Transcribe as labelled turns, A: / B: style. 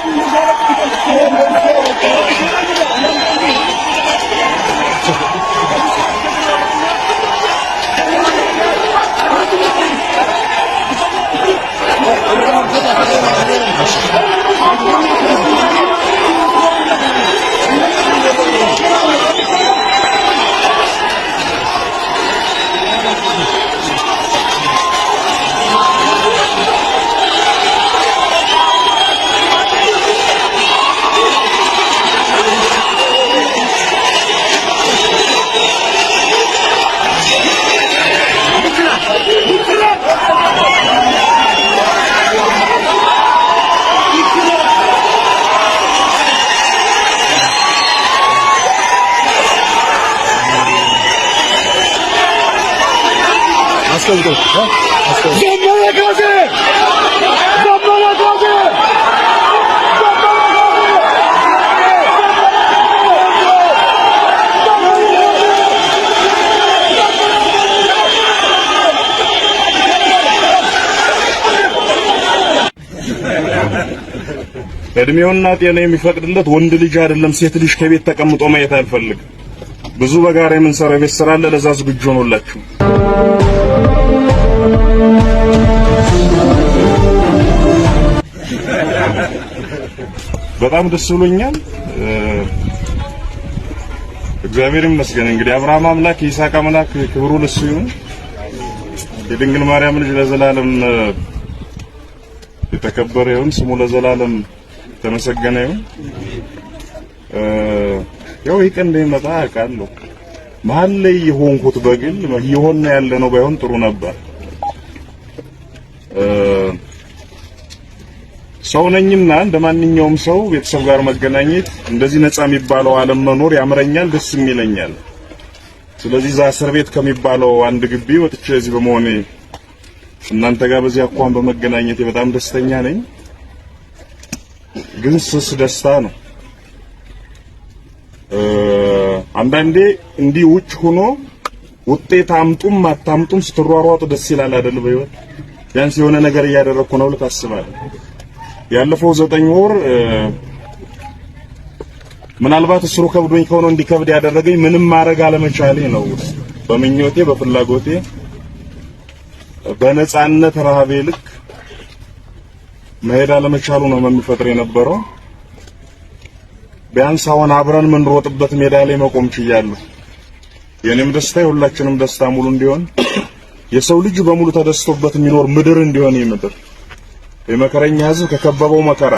A: Thank you. አስቀምጦት
B: ዘመነ ካሴ ዘመነ ካሴ
A: እድሜውና ጤና የሚፈቅድለት ወንድ ልጅ አይደለም ሴት ልጅ ከቤት ተቀምጦ ማየት አልፈልግም። ብዙ በጋራ የምንሰራው ቤት ስራ አለ። ለዛ ዝግጁ ሆኖላችሁ በጣም ደስ ብሎኛል። እግዚአብሔር ይመስገን። እንግዲህ አብርሃም አምላክ የይስሐቅ አምላክ ክብሩ ለሱ ይሁን። የድንግል ማርያም ልጅ ለዘላለም የተከበረ ይሁን፣ ስሙ ለዘላለም የተመሰገነ ይሁን። ያው ይቀን ቀን እንደሚመጣ አውቃለሁ። መሀል ላይ የሆንኩት በግል እየሆነ ያለ ነው ባይሆን ጥሩ ነበር። ሰው ነኝና እንደ ማንኛውም ሰው ቤተሰብ ጋር መገናኘት እንደዚህ ነፃ የሚባለው ዓለም መኖር ያምረኛል፣ ደስ ይለኛል። ስለዚህ እዛ እስር ቤት ከሚባለው አንድ ግቢ ወጥቼ እዚህ በመሆኔ እናንተ ጋር በዚህ አኳን በመገናኘቴ በጣም ደስተኛ ነኝ። ግን ስስ ደስታ ነው። አንዳንዴ እንዲህ ውጭ ሆኖ ውጤት አምጡም አታምጡም ስትሯሯጡ ደስ ይላል አይደል? በህይወት ቢያንስ የሆነ ነገር እያደረግኩ ነው ልታስባለሁ። ያለፈው ዘጠኝ ወር ምናልባት እስሩ ከብዶኝ ከሆነ እንዲከብድ ያደረገኝ ምንም ማድረግ አለመቻሌ ነው። በምኞቴ በፍላጎቴ በነጻነት ረሃቤ ልክ መሄድ አለመቻሉ ነው የሚፈጥር የነበረው። ቢያንስ አሁን አብረን ምንሮጥበት ሜዳ ላይ መቆም ችያለሁ። የኔም ደስታ የሁላችንም ደስታ ሙሉ እንዲሆን የሰው ልጅ በሙሉ ተደስቶበት የሚኖር ምድር እንዲሆን ይምድር የመከረኛ ህዝብ ከከበበው መከራ